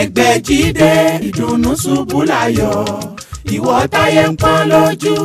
ẹgbẹ́ jíde ìdùnnú ṣubú láyọ̀ ìwọ táyé ń pọ́n lójú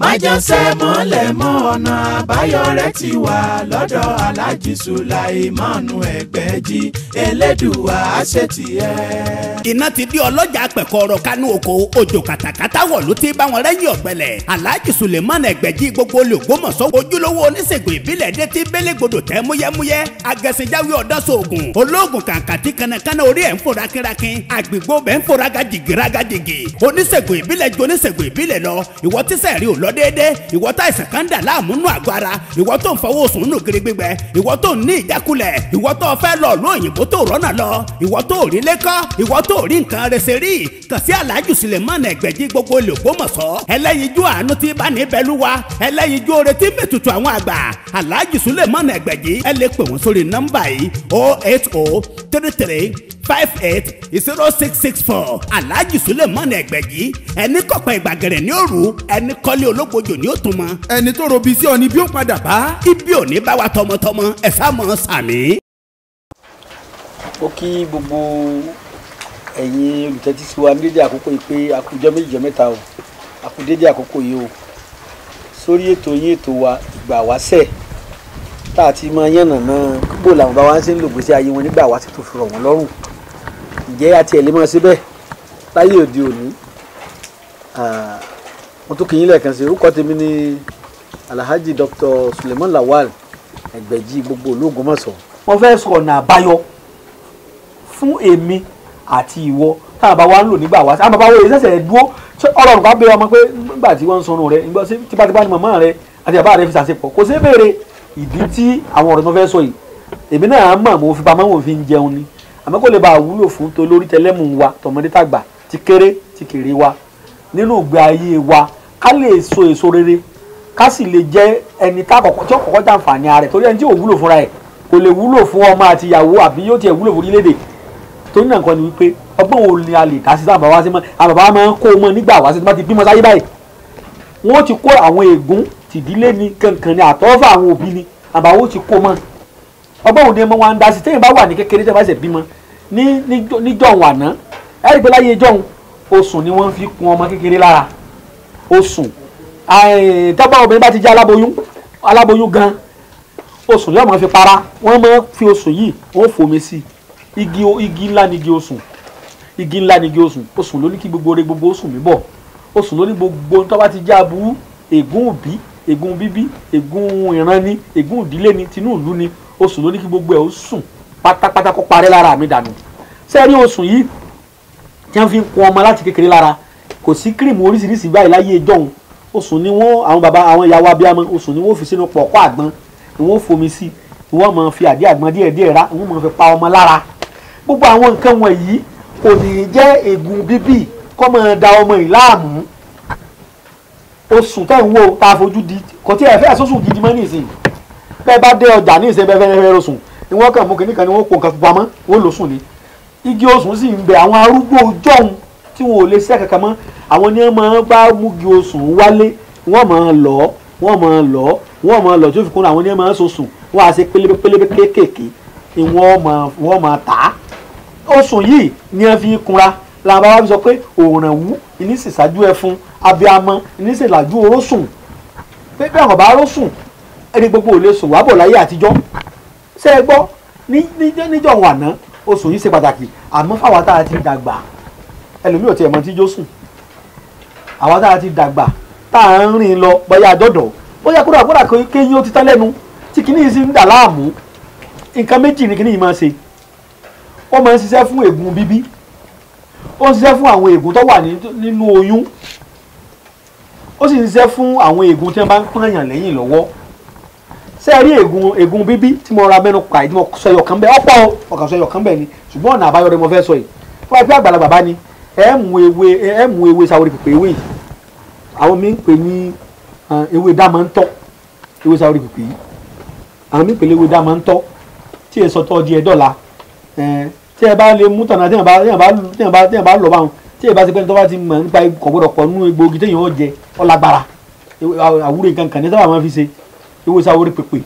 májẹsẹ̀ mọ́lẹ̀ mọ́ ọ̀nà àbáyọ rẹ̀ ti wà lọ́dọ̀ aláàjì sùláìmánu ẹgbẹ́jì elédùwà àṣetì ẹ̀. iná ti di ọlọ́jà pẹ̀kọ́rọ̀ kánú oko òjò kàtàkàtà wọ̀ ló ti bá wọn rẹ́yìn ọ̀gbẹ́lẹ̀ aláàjì sùláìmánu ẹgbẹ́jì gbogbo olùgbòmọ̀sọ́ ojúlówó oníṣègùn ìbílẹ̀ dé ti bẹ́lẹ̀gbọdọ̀ tẹ́ múyẹ́múyẹ́ agẹsẹ̀jáwé ọ̀dọ́sọ̀ọ̀gùn olóògùn kàǹkàtì kanakana orí ẹ̀ ń fò rákínrákín àgbègbè ọbẹ̀ ń fò rágàjìgì rágàjìgì oníṣègùn ìbílẹ̀ ju oníṣègùn ìbílẹ̀ lọ lọ déédéé ìwọ tá ìsàn kan dà láàmú nù àgọ́ ara ìwọ tó ń fọwọ́ sùn nù kiri gbígbẹ ìwọ tó ń ní ìjákulẹ̀ ìwọ tó fẹ́ lọ ló òyìnbó tó rọ́nà lọ ìwọ tó rí lẹ́kọ́ ìwọ tó rí nǹkan rẹsẹ̀ rí kàn sí aláàjù Sulemana Ẹgbẹ̀jì gbogbo l'Ògbómọ̀ṣọ́ ẹlẹ́yinjú àánú tí bá ní bẹ́lúwa ẹlẹ́yinjú oore mẹ́tutù àwọn àgbà aláàjù Sulemana Ẹgbẹ̀jì ẹ lè pè wọ́n sórí nọ́mbà yìí 080 five eight zero six six four alhaji suleiman ẹgbẹ̀jì ẹni kọ̀pẹ́ ìgbàgẹ̀rẹ̀ ní òru ẹni kọ́lé ológbojò ní òtún mọ́. ẹni tó robi sí ọ ni bí ó padà bá. ibi ò ní bá wa tọmọtọmọ ẹ sá mọ sàmì. ó kí gbogbo ẹ̀yin olùtẹ́tí sí wa nídìí àkókò yìí pé àkójọ méjì mẹ́ta o àkójọ àkókò yìí o sórí ètò yín ètò wa ìgbà wáṣẹ̀ tá a ti mọ yànnàná gbòòlà àwọn bá wa ń ṣe ń lògbèsè ayé wọn nígbà wáṣẹ̀ tó fi rọ̀ wọ́n lọ́rùn jẹ́ àti ẹ̀lẹ́ mọ́ síbẹ̀ láyé òde òní mo tún kì í lẹ́ẹ̀kan sí orúkọ tèmi ní Alhaji Dr. Suleiman Lawal ẹgbẹ̀jì gbogbo ológun mọ̀sán. wọ́n fẹ́ sọ ọ̀nà àbáyọ fún èmi àti ìwọ táwọn àbá wa ń lò nígbà wá sí àbá wa yìí ṣẹ̀ṣẹ̀ dúró ọlọ́run bá bẹ̀rẹ̀ ọmọ pé nígbà tí wọ́n ń sọnù rẹ nígbà tipátipá ni màmá rẹ àti bàbá rẹ fi ṣàṣepọ̀ kò sí béèrè ìdí tí àwọn ọ̀rọ̀ tó fẹ́ sọ yìí èmi náà mọ̀ mo fi pamọ́ mo fi ń jẹun ni àmọ́ kó lè bá wúlò fún tó lórí tẹlẹ́mù wa tọmọdé tàgbà ti kéré ti kéré wa nínú ìgbé ayé wa ká lè so èso rere ká sì lè jẹ́ ẹni tá àkọ́kọ́ tí ọ̀kọ́kọ́ jàǹfààní ara rẹ̀ torí ẹni tí ò wúlò fúnra ẹ̀ kò lè wúlò fún ọmọ àti ìyàwó àbí yóò tiẹ̀ wúlò fún orílẹ̀ torí náà nǹkan ni wípé ọgbọ́n wo ni a lè dá sí sáà bàbá wa sí mọ́ àwọn bàbá máa ń kó mọ́ nígbà wá sí tí wọ́n ti bímọ sáyé báyìí wọ́n ti kó àwọn ègún tìdílé ni kankan ni àtọ́fà àwọn òbí ni àbáwọ́ ti kó mọ́ ọgbọ́n òde mọ wa ń da sí téèyàn bá wà ní kékeré tẹ́ bá ṣe bímọ ní níjọ́ òun àná ẹ rí i pé láyé ijọ́ òun osùn ni wọ́n fi kun ọmọ kékeré lára osùn tọ́gbọ́n obìnrin bá ti jẹ́ aláboyún aláboyún gan osùn ni wọ́n máa fi para wọ́n máa fi osùn yìí wọ́n fòmí sí igi igi ńlá ni igi osùn igi ńlá ni igi osùn osùn ló ní kí gbogbo ore gbogbo osùn mi bọ̀ osùn ló ní gbogbo tó bá ti jẹ́ aburú ègún òbí ègún bíbí ègún ìran ni ègún ìdílé ni tinú ni oṣù ló ní kí gbogbo ẹ̀ ó sùn pátápátá kó parẹ́ lára mi dànù sẹ́ẹ̀rí oṣù yìí tí wọ́n fi ń kun ọmọ láti kékeré lára kò sí kírìmù oríṣiríṣi báyìí láyé ìjọ́un oṣù ni wọ́n àwọn baba àwọn ìyàwó abiyamọ oṣù ni wọ́n fi sínú pọ̀kọ́ àgbọn ni wọ́n fomi sí ni wọ́n máa fi àdí àgbọn díẹ̀ díẹ̀ ra ni wọ́n máa fi pa ọmọ lára gbogbo àwọn nǹkan wọ̀nyí kò ní jẹ́ ègún bíbí kọ́ máa da ọmọ yìí láàmú oṣù tẹ̀ ń wo ta fojú di kò tí ẹ fẹ́ àsọ̀sùn gidi mọ́ nísìnyí bẹ́ẹ̀ bá dé ọjà ní ìsẹ́yìn bẹ́ẹ̀ fẹ́ẹ́ fẹ́ẹ́ rọ̀sùn ni wọ́n kàn mú kinní kan ni wọ́n kó nǹkan pamọ́ wọ́n lò sùn ni igi osùn sì ń bẹ àwọn arúgbó ọjọ́un tí wọn ò lè ṣe kankan mọ́ àwọn ni wọ́n máa bá múgi osùn wálé wọ́n máa lọ wọ́n máa lọ wọ́n máa lọ tí ó fi kún àwọn ni wọ́n máa sosùn wọ́n á ṣe pélébé pélébé kéékèèké ni wọ́n máa wọ́n máa tà á osùn yìí ni wọ́n fi kunra làbá wa fi sọ pé òòràn wú ìníṣìṣàjú ẹfun abiamọ ìníṣìṣàjú orósùn pé bí àwọn bá rósùn ẹni gbogbo ò lè sùn wá bọ̀ láyé àtijọ́ ṣé ẹ gbọ́ níjọ́ wà ná oṣù yìí ṣe pàtàkì àmọ́ fáwa tá a ti dàgbà ẹlòmíì ò tiẹ̀ mọ tí jó sùn àwa tá a ti dàgbà tá a ń rìn lọ bóyá àdọ́dọ̀ bóyá kódà kódà kéyìn ó ti tán lẹ́nu tí kinní yìí sì ń dà láàmú nǹkan méjì ni kinní yìí máa ṣe ó máa ń ṣiṣẹ́ fún ègún bíbí ó ń ṣiṣẹ́ fún àwọn ègún tó wà nínú oyún ó sì ń ṣiṣẹ́ fún àwọn ègún tí wọ́n bá ń pọ́nyàn lẹ́yìn lọ́wọ́ ṣé ẹ rí ègún ègún bíbí tí mo ra mẹ́nu pa yìí tí mo sọ ẹyọ kan bẹ́ẹ̀ ọ̀pọ̀ o ọ̀kan sọ ẹyọ kan bẹ́ẹ̀ ni ṣùgbọ́n ọ̀nà àbáyọ rẹ mo fẹ́ sọ yìí fún ẹgbẹ́ àgbàlagbà bá ní ẹ mú ewé ẹ mú ewé sawori pèpè ewé yìí àwọn mi ń pè ní ewé dáma ń tọ́ ewé sawori pèpè yìí àwọn mi ń pè ní ewé dáma ń tọ́ tí èso tọ́ di ẹ dọ́la tí ẹ bá lè mú tọ̀nà tí ẹ bá lọ báwọn tí ẹ bá ti pẹ́ ní tọ́ bá ti ewé sáwórí pèpè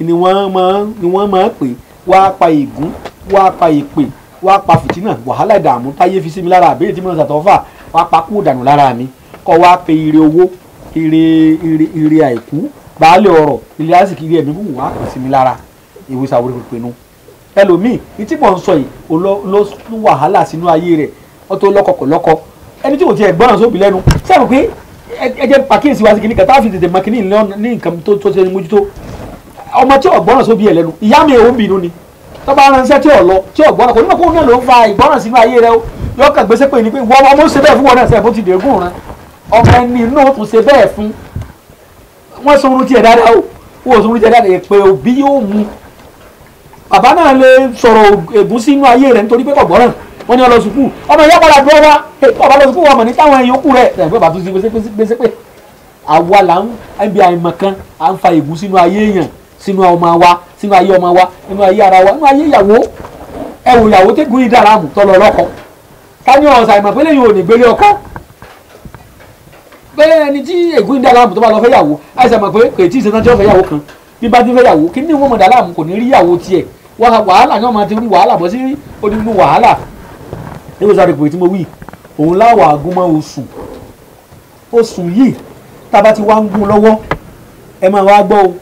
ni wọ́n máa ni wọ́n máa pè wá pa ègún wá pa èpè wá pa fìtínà wàhálà ìdààmú táyé fi sí mi lára àbẹ́rẹ́ tí mo sàtọ́ fà wá pa kú dànù lára mi kọ́ wá pe ire owó ire ire ire àìkú baálé ọ̀rọ̀ ilé àsìkò ire ẹ̀mí kúkú wá pè sí mi lára ewé sáwórí pèpè nu ẹlòmíì ní tí mò ń sọ yìí ló wàhálà sínú ayé rẹ̀ ó tó lọ́kọ̀kọ̀ lọ́kọ̀ ẹni tí mo ti ẹ̀ gbọ́ràn sóbi lẹ́nu sẹ́wọ̀n pé ẹ jẹ́ pàkíyèsí wa sí kìnìkan tá a fi tètè mọ kìnìún ní nǹkan tó tó ṣe ní mójútó ọmọ tí ọ̀gbọ́ràn sóbi ẹ̀ lẹ́nu ìyá mi ò ń bínú ni tọ́ba aránṣẹ́ tí ò lọ tí ọ̀gbọ́ràn kò ní mọ̀ kóun náà ló ń fa ìgbọ́ràn sínú ayé rẹ o yọkàn gbèsè pé ní pé wọ́n ọmọ ṣe bẹ́ẹ̀ fún wọn náà sẹ́ẹ̀ bó ti dẹ̀gùn rán ọmọ ẹni náà tún ṣe bẹ́ẹ̀ fún wọ́n sọ orun tiẹ̀ dáadáa o wọ́n sọ orun tiẹ̀ dáadáa èpè òbí yóò mu bàbá náà lè sọ̀rọ̀ ègún sínú ayé rẹ nítorí pé kọ̀gbọ́ràn wọ́n ní wọ́n lọ sùkúù ọmọ ìyá padà dúró wá ọba lọ sùkúù wà mọ̀ ní táwọn ẹ̀yìn òkú rẹ̀ ẹ̀gbẹ́ bàtú sí gbèsè pé àwa là ń ẹbí àìmọ̀ kan à ń fa ègún sínú ayé èèyàn sínú ọmọ wa sínú ayé ọmọ wa sínú ayé ara wa sínú ayé ìyàwó ẹ wò ìyàwó tẹ́gùn yìí dára mù tọ́lọ lọ́kọ ká ní ọ̀sà ìmọ̀ pé lẹ́yìn òní gbélé ọkọ pé ẹni tí ègún yìí dára mù tó bá lọ fẹ́ yàwó àìsàn mọ̀ pé kò tí ì sẹ́ńtà tí ó fẹ́ yàwó kan bí bá ti fẹ́ yàwó kí ní ìwọ́n mọ̀ dára mù kò ní rí yàwó tiẹ̀ wàhálà ní ọmọ ti rí wàhálà bọ́ sí onímù wàhálà nígbà sáré pé tí mo wí òun láwọ̀ àgúnmọ́ oṣù oṣù yìí tába ti wá ń gún lọ́wọ́ ẹ máa wá gbọ́ o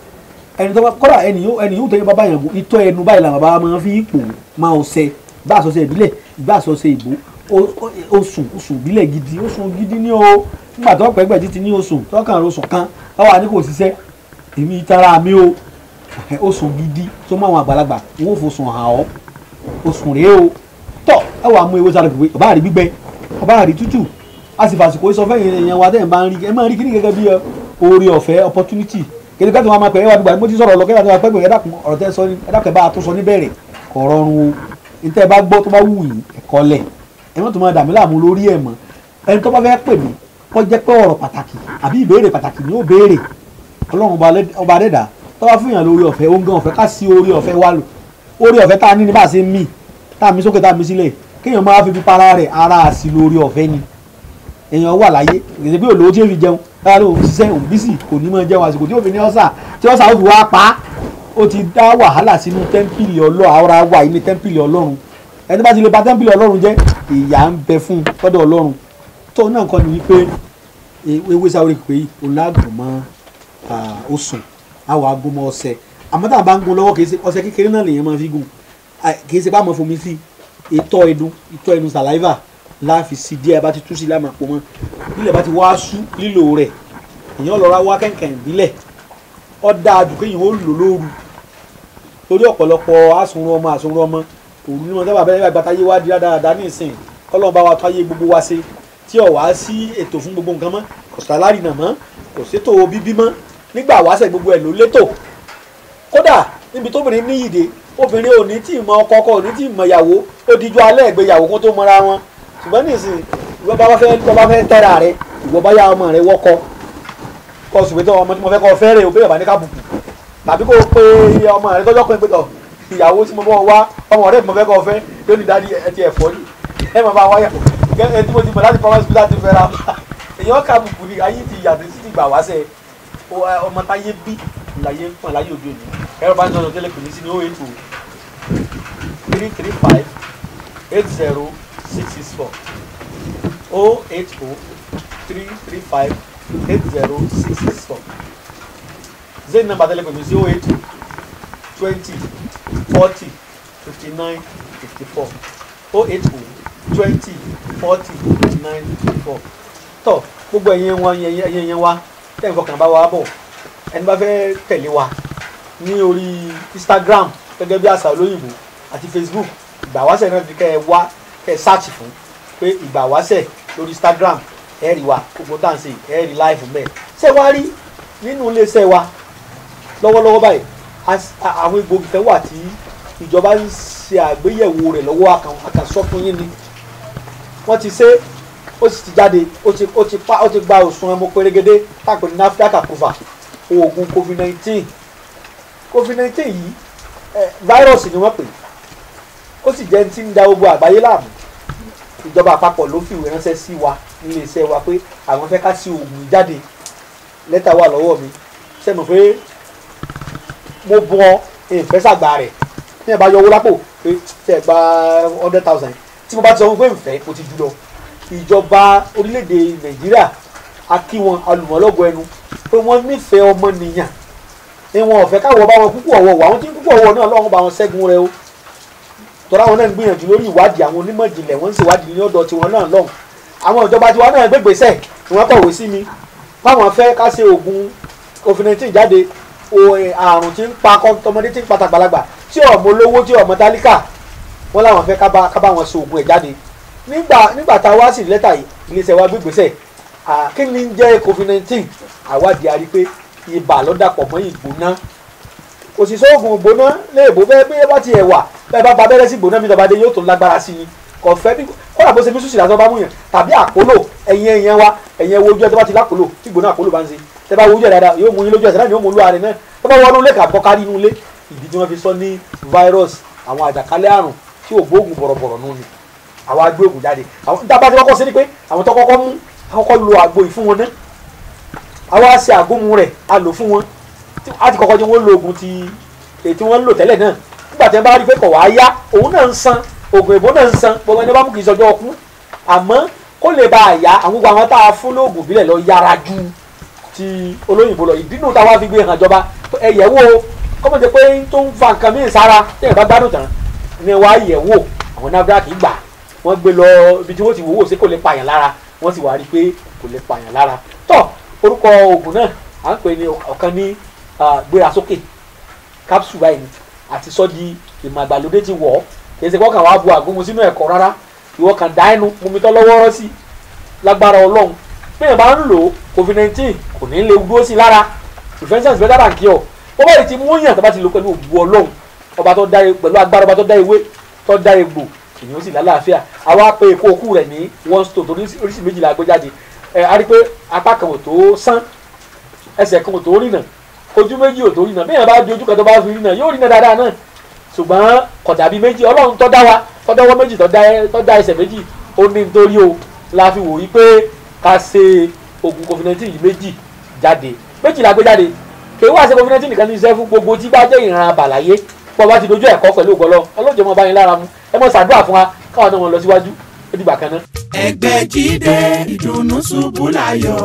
ẹni tó bá kọ́ra ẹni yóò ẹni yóò tẹ́lẹ̀ bàbá yàn gún itọ́ ẹnu báyìí làwọn bàbá máa fi ipò máa ọ̀sẹ̀ bá àsọ̀sẹ̀ ìbílẹ̀ ìgbà àsọ̀sẹ̀ ìbò oṣù oṣù ìbílẹ̀ gidi oṣù gidi ní o nígbà tó pẹ́ gbẹ̀dí ti ní oṣù tọ́kàn oṣù kan táwa ní kò ṣiṣẹ́ èmi tara mi o oṣù gidi tó máa wọn àgbàlagbà wọ́n fò sùn hàn ọ́ oṣù rèé o tọ ẹ wàá mú ewé sáré pé ọba àrí gbígbẹ ọba àrí tútù a sì fàsìkò sọ fẹ́yìn èèyàn wa tẹ́ ẹ̀ máa ń rí ẹ máa rí kíní gẹ́gẹ́ bí oore ọ̀fẹ́ opportunity kìnìún kẹ́tù wọn máa pẹ̀ ẹ́ wà gbígbà mo ti sọ̀rọ̀ lọ kẹ́tù wọn pẹ́ pé ẹ̀dàkùn ọ̀rọ̀ tẹ́ sọ ẹ̀dàkùn bá a tó sọ níbẹ̀rẹ̀ kò rọrùn o ntẹ́ ẹ bá gbọ́ tó bá wù yín ẹ̀kọ́ lẹ̀ ẹ má tó máa dàmí láàmú lórí ẹ̀ mọ́ ẹni tó bá fẹ́ pè mí kọ́ jẹ́ pé ọ̀rọ̀ pàtàkì àbí ìbéèrè pàtàkì ni ó béèrè ọlọ́run ọba adẹ́dà tó bá fún lórí ọ̀fẹ́ ó ń gan ọ̀fẹ́ ká sí orí ọ̀fẹ́ wá lò orí ọ̀fẹ́ tá a ní ní bá a ṣe ń mí tá a mi sókè tá a mi sílẹ̀ kéèyàn máa fi fi para rẹ̀ ara àsì lórí ọ̀fẹ́ ni èèyàn wà láyé gbèsè pé olówó tí yóò fi jẹun lára òun ṣiṣẹ́ òun bísì kò ní máa jẹun àsìkò tí yóò fi ní ọ̀sà tí ọ̀sà ó fi wá pa á ó ti dá wàhálà sínú tẹ́ḿpìlì ọlọ́run ara wà ní tẹ́ḿpìlì ọlọ́run ẹni bá ti lè ba tẹ́ḿpìlì ọlọ́run jẹ́ ìyà ń bẹ fún lọ́dọ̀ ọlọ́run tó náà kọ́ ni wípé e, ewé sáré pé olágùn mọ́ ó sùn àwọn agbómọ ọ̀sẹ̀ àmọ́ tá a bá ń gun lọ́wọ́ kì í ṣe ọ̀sẹ̀ kékeré náà lèèyàn máa fi gùn kìí ṣe pàmò fomi sí ìtọ́ ẹnu ìtọ́ ẹnu saliva láàfi sí díẹ̀ bá ti tú sí láàmà pọ̀ mọ́ nílẹ̀ bá ti wá sú lílò rẹ̀ èèyàn lọ́ra wá kẹ̀kẹ́ ìbílẹ̀ ó dáa jù kéèyàn ó lò lóru torí ọ̀pọ̀lọpọ̀ asunrun ọmọ asunrun ọmọ òru ni wọn sábà bẹ́ẹ̀ bá gbàtà yé wá di dáadáa ní ìsìn kọ́lọ́n bá wa tó ayé gbogbo wa ṣe tí ò wá sí ètò fún gbogbo nǹkan mọ́ kò sálárì nà mọ́ kò sétò bíbí mọ́ nígbà wàásẹ̀ gbogbo ẹ̀ ló létò kódà níbi tóbìnrin níyìí dé obìnrin ò ní tí ì mọ ọkọ ọkọ ò ní tí ì mọ ìyàwó ó dijú alẹ́ ìgbéyàwó kó tó mọra wọn ṣùgbọ́n nísìnyí ìwọ bá fẹ́ tó bá fẹ́ tẹ́ra rẹ ìwọ bá yá ọmọ rẹ wọ́kọ kọ sùgbọ́n tó ọmọ tí mo fẹ́ kọ fẹ́rẹ̀ ò bẹ́ẹ̀ ní ká tàbí kó o pé ọmọ rẹ tọ́jọ́ pé pé tọ̀ ìyàwó tí mo bọ́ wá ọmọ rẹ mo fẹ́ kọ fẹ́ lónìí dáadé ẹ ti ẹ̀fọ́ ni ẹ máa bá wáyà ẹ tí mo ti mọ̀ láti fọwọ́ sí láti fẹ́ra èèyàn ká bùkù ni ayé ti yàtọ̀ sí ti gbà wá sẹ́ ọmọ táyé bí làyé ń pọ̀ láyé òde òní ẹ̀rọ bá ń sọ̀rọ̀ tẹ́lẹ̀ pè mí sí ní oh eight oh three three five eight zero six six four oh eight oh three three five eight zero six six four zen nọ́mbà tẹ́lẹ̀ pè mí sí oh eight oh twenty forty fifty nine fifty four oh eight oh twenty forty fifty nine fifty four tọ́ gbogbo ẹ̀yin wa ẹ̀yin ẹ̀yin wa tẹ̀ ń fọkàn bá wa bọ̀ ẹni bá fẹ́ tẹ̀lé wa ní orí Instagram gẹ́gẹ́ bí àṣà olóyìnbó àti Facebook ìgbàwáṣẹ̀ náà ti kẹ́ ẹ wá kẹ́ ẹ sáàtì fún pé ìgbàwáṣẹ̀ lórí Instagram ẹ rí wa gbogbo tá à ń ṣe ẹ rí láìfù mẹ́ ṣé wá rí nínú iléeṣẹ́ wa lọ́wọ́lọ́wọ́ báyìí àwọn egbògi kan wà tí ìjọba ń ṣe àgbéyẹ̀wò rẹ̀ lọ́wọ́ àkànṣọ́ fún yín ni wọ́n ti ṣe ó sì ti jáde ó ti pa ó ti gba òṣùwọ̀n ẹmu pérégedé tàpé ní Africa kàkúfà oògùn COVID-19 covid nineteen yìí fáírọ̀sì ni wọ́n pè ó sì jẹ́ ti ń da gbogbo àgbáyé láàmú ìjọba àpapọ̀ ló fìwé ránṣẹ́ sí wa nílé iṣẹ́ wa pé àwọn fẹ́ ká sí oògùn jáde lẹ́tà wà lọ́wọ́ mi sẹ́mi pé mo bọ ìfẹ́sàgbà rẹ̀ ní ẹ̀ bá yọ owó lápò pé tẹ̀ gba hundred thousand tí mo bá ti sọ fún pé nfẹ́ kò ti jù lọ ìjọba orílẹ̀-èdè nàìjíríà a kí wọn alùmọ̀lọ́gọ̀ ẹnu pé wọ́n nífẹ̀ẹ́ ọmọnìyàn ìwọ̀n ọ̀fẹ́ káwọ̀ bá wọn púpọ̀ ọ̀wọ̀ àwọn tí ń púpọ̀ ọ̀wọ̀ náà Ọlọ́run bá wọn ṣẹ́gun rẹ o tọ́ra wọn náà ń gbìyànjú lórí ìwádìí àwọn onímọ̀ ìjìnlẹ̀ wọ́n ń ṣèwádìí ní ọ̀dọ̀ tiwọn náà lọ́hùn àwọn ìjọba tiwa náà gbégbèsẹ̀ ni wọ́n kọ̀wé sí mi fáwọn fẹ́ ká ṣe oògùn covid-19 jáde àrùn tí ń pa tọmọdé tí ń pa tàgbàlagbà tí ọmọ olówó tí ọmọ tálíkà wọ́n láwọn fẹ́ ká bá wọn ṣe oògùn ẹ̀ jáde nígbà tá a wá sí lẹ́tà yìí iléeṣẹ́ wa gbégbèsẹ̀ kí ni ń jẹ́ covid-19 àwádìí a rí pé ibà ló dàpọ̀ mọ́ ìgbóná kò sì sóògùn ìgbóná léèbó bẹ́ẹ̀ bí ẹ bá ti ẹ̀wà bẹ́ẹ̀ bá gba abẹ́rẹ́ sí ìgbóná mi tọ́ba dé yóò tó lágbára sí i kò fẹ́ bí kọ́lá bó ṣe bí sùsìlà tó bá mú yàn tàbí àkólò ẹ̀yin ẹ̀yin wa ẹ̀yin ẹ̀wọ̀ ojú ẹ̀ tó bá ti lákòólò tí ìgbóná àkólò bá ń ṣe tẹ́ bá wo ojú ẹ̀ dáadáa yóò mú ni àwọn ni pé àwọn tó kọ́kọ́ mú àkọ́kọ́ lo àgbo àwa ṣe àgómù rẹ̀ a lò fún wọn a ti kọ́kọ́ jẹ́ wọ́n lo oògùn ti èyí tí wọ́n ń lò tẹ́lẹ̀ náà nígbà tí wọ́n bá rí pé kọ̀ wá yá òun náà ń san oògùn èbó náà ń san gbogbo ẹni bá mú kì í sọjọ́ ọkú àmọ́ kó lè bá a yá àwọn gbogbo àwọn tá a fún lóògùn bílẹ̀ lọ yára ju ti olóyìnbó lọ ìdínú táwa fi gbé hàn jọba ẹ̀yẹ̀ wo kọ́mọ̀ jẹ́ pé tó ń fa nǹkan míì sára tẹ̀yìn bá gbádùn tán ni wàá yẹ̀ wò àwọn nafdac gbà wọ́n gbé lọ ibi tí wọ́n ti wò wò sí kò lè pààyàn lára wọ́n sì wá rí i pé kò lè pààyàn lára tọ́ orúkọ oògùn náà à ń pè ní ọ̀kan ní gbérasókè capsule báyìí àti sọ́ọ̀dì ìmọ̀ àgbàlódé ti wọ̀ ọ́ kìí ṣe kọ́kàn wá bu àgúnmu sínú ẹ̀kọ́ rárá ìwọ kàn dá ẹnu mumi tọ́ lọ́wọ́ rọ́ sí i lágbára ọlọ́run bí èèyàn bá ń lò ó covid nineteen kò ní lè dúró sí i lára prevention is better than cure ó bá yìí ti mú yàn tó bá ti lò pẹ̀lú òbu ọlọ́run ọba tó dá e, pẹ̀lú agbára ọba tó dá ewé tó dá egbò ènìyàn sì lálàáfíà àwa pé èkó òkú rẹ̀ ní one stone tó oríṣi méjìlá gbé jáde ẹ a rí pé apá kan ò tó sán ẹsẹ̀ kan ò tó rìnà ojú méjì ò tó rìnà bí èèyàn bá di ojú kan tó bá fi rìnà yóò rìnà dáadáa náà ṣùgbọ́n kọ̀dà bíi méjì ọlọ́run tó dá wa tó dá ọwọ́ méjì tó dá ẹsẹ̀ méjì ó ní nítorí o la fi wò yí pé ká ṣe oògùn covid nineteen yìí méjì jáde méjì la gbé jáde kèé wá ṣe covid nineteen nìkan ní iṣẹ́ fún gbogbo tí bá jẹ́ ìran abàláyé pọ̀ bá ti dojú ẹ̀kọ́ pẹ̀lú ògbọ́lọ́ ọlọ́jọ́ mọ́ bá lára mu ẹ mọ́ ṣàdúrà fún wa káwọn náà wọn lọ síwájú ó dìgbà kan náà ẹgbẹ́ jíde ìdùnnú ṣubú láyọ̀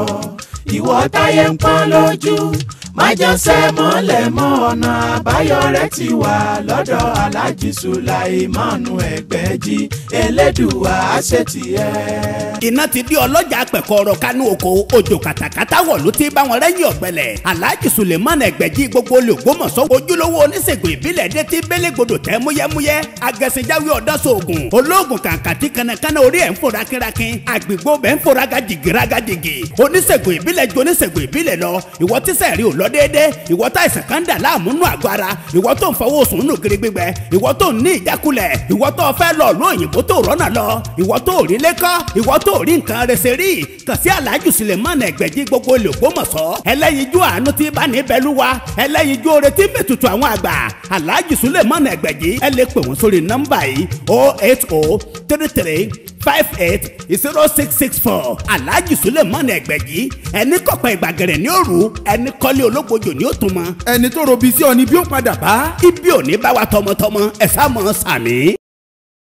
ìwọ táyé ń pọ́n lójú májẹsẹ̀ mọ́lẹ̀ mọ́ ọ̀nà àbáyọ rẹ̀ ti wà lọ́dọ̀ aláàjì sùláìmánu ẹgbẹ́jì elédùwà àṣetì ẹ̀. iná ti di ọlọ́jà pẹ̀kọ́rọ̀ kánú oko òjò kàtàkàtà wọ̀ ló ti bá wọn rẹ́yìn ọ̀gbẹ́lẹ̀ aláàjì sùláìmánu ẹgbẹ́jì gbogbo olùgbòmọ̀sọ́ ojúlówó oníṣègùn ìbílẹ̀ dé ti bẹ́lẹ̀gbọdọ̀ tẹ́ múyẹ́múyẹ́ agẹ̀sìnjáwé ọ̀dọ́sọ̀ọ̀gùn olóògùn kàǹkàtì kanakana orí ẹ̀ ń fò rákínrákín àgbègbè ọbẹ̀ ń fò rágàjìgì rágàjìgì oníṣègùn ìbílẹ̀ ju oníṣègùn ìbílẹ̀ lọ ìwọ tíṣẹ̀ rí ò l lọ déédéé ìwọ tá ìsàn kan dà láàmú nù àgọ́ ara ìwọ tó ń fọwọ́ sùn nù kiri gbígbẹ ìwọ tó ń ní ìjákulẹ̀ ìwọ tó fẹ́ lọ ló òyìnbó tó rọ́nà lọ ìwọ tó rí lẹ́kọ́ ìwọ tó rí nǹkan rẹsẹ̀ rí kàn sí aláàjù Sulemana Ẹgbẹ̀jì gbogbo l'Ògbómọ̀ṣọ́ ẹlẹ́yinjú àánú tí bá ní bẹ́lúwa ẹlẹ́yinjú oore tí mẹ́tutù àwọn àgbà aláàjù Sulemana Ẹgbẹ̀jì ẹ lè pè wọ́n sórí nọ́mbà yìí 080 33 five eight zero six six four alhaji suleiman ẹgbẹ̀jì ẹni kọ̀pẹ́ ìgbàgẹ̀rẹ̀ ní òru ẹni kọ́lé ológbojò ní òtún mọ́. ẹni tó robi sí ọ ni bí ó padà bá. ibi ò ní bá wa tọmọtọmọ ẹ sá mọ sàmì.